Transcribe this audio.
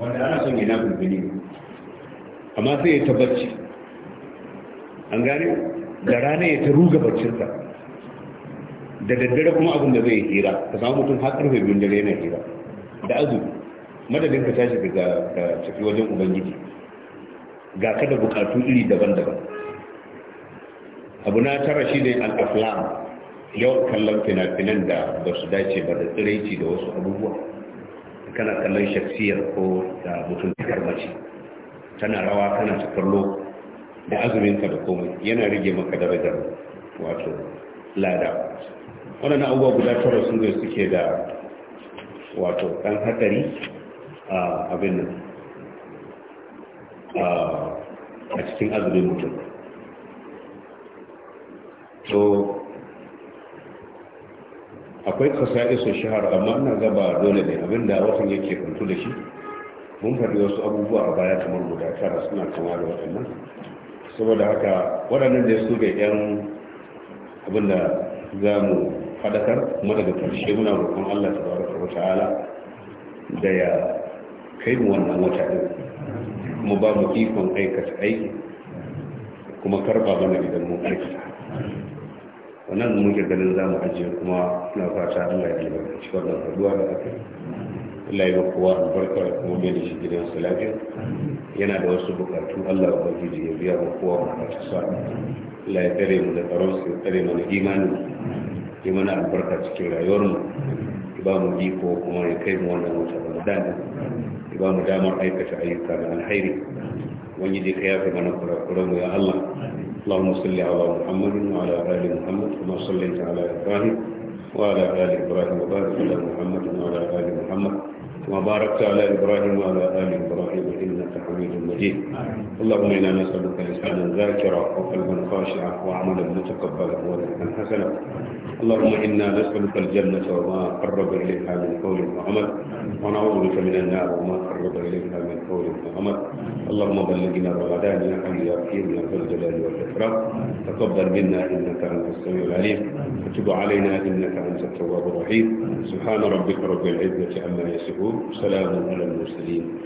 wanda ana son yana amma sai ya ta an gane da rana ya ta ruga baccinsa da daddare kuma abin da zai hira ka samu mutum har karfe biyun dare yana hira da azumi madadin ka tashi daga tafi wajen ubangiji ga kada bukatu iri daban-daban abu na tara shi ne al'aflam yau kallon fina-finan da ba su dace ba da tsiraici da wasu abubuwa kana kallon shaksiyar ko da mutum cikar mace tana rawa tana ta kallo da azuminka da komai yana rige maka darajar wato lada waɗannan abubuwa guda tara sun zai suke da wato ɗan hatsari a abin nan a cikin azumin mutum to akwai iso shahar amma ina gaba dole ne abinda watan yake kuntu da shi mun faɗi wasu abubuwa a baya kamar guda tara suna kama da waɗannan saboda haka waɗannan da su ga yan abinda za mu faɗakar kuma daga ƙarshe muna roƙon Allah ta baraka wa ta'ala da ya kai mu wannan wata ɗin kuma ba mu ikon aikata aiki kuma karɓa mana idan mun aikata wannan muke ganin za mu ajiye kuma na fata allah a albarkaci wannan haduwa da aka yi Allah ya kowa albarka da kuma mai da shi gidan salafi yana da wasu bukatu Allah ubangiji ya biya wa kowa bukatu sa Allah ya tare mu da tsaron su ya tsare mana imani ya mana albarka cikin rayuwar mu ya ba mu iko kuma ya kai mu wannan wata Ramadan ya ba mu damar aikata ayyuka na alheri wani dai ka yafe mana kurakuran mu ya Allah اللهم صل على محمد وعلى آل محمد كما صليت على إبراهيم وعلى آل إبراهيم وبارك على محمد وعلى آل محمد كما باركت على إبراهيم وعلى آل إبراهيم إنك حميد مجيد اللهم إنا نسألك لسانا ذاكرا وقلبا خاشعا وعملا متقبلا ورزقا حسنا اللهم إنا نسألك الجنة وما قرب إليها من قول وعمل ونعوذ بك من النار وما قرب إليها اللهم بلغنا رمضان يا حي يا قيوم الجلال والاكرام تقبل منا انك انت السميع العليم وتب علينا انك انت التواب الرحيم سبحان ربك رب العزه عما يصفون سلام على المرسلين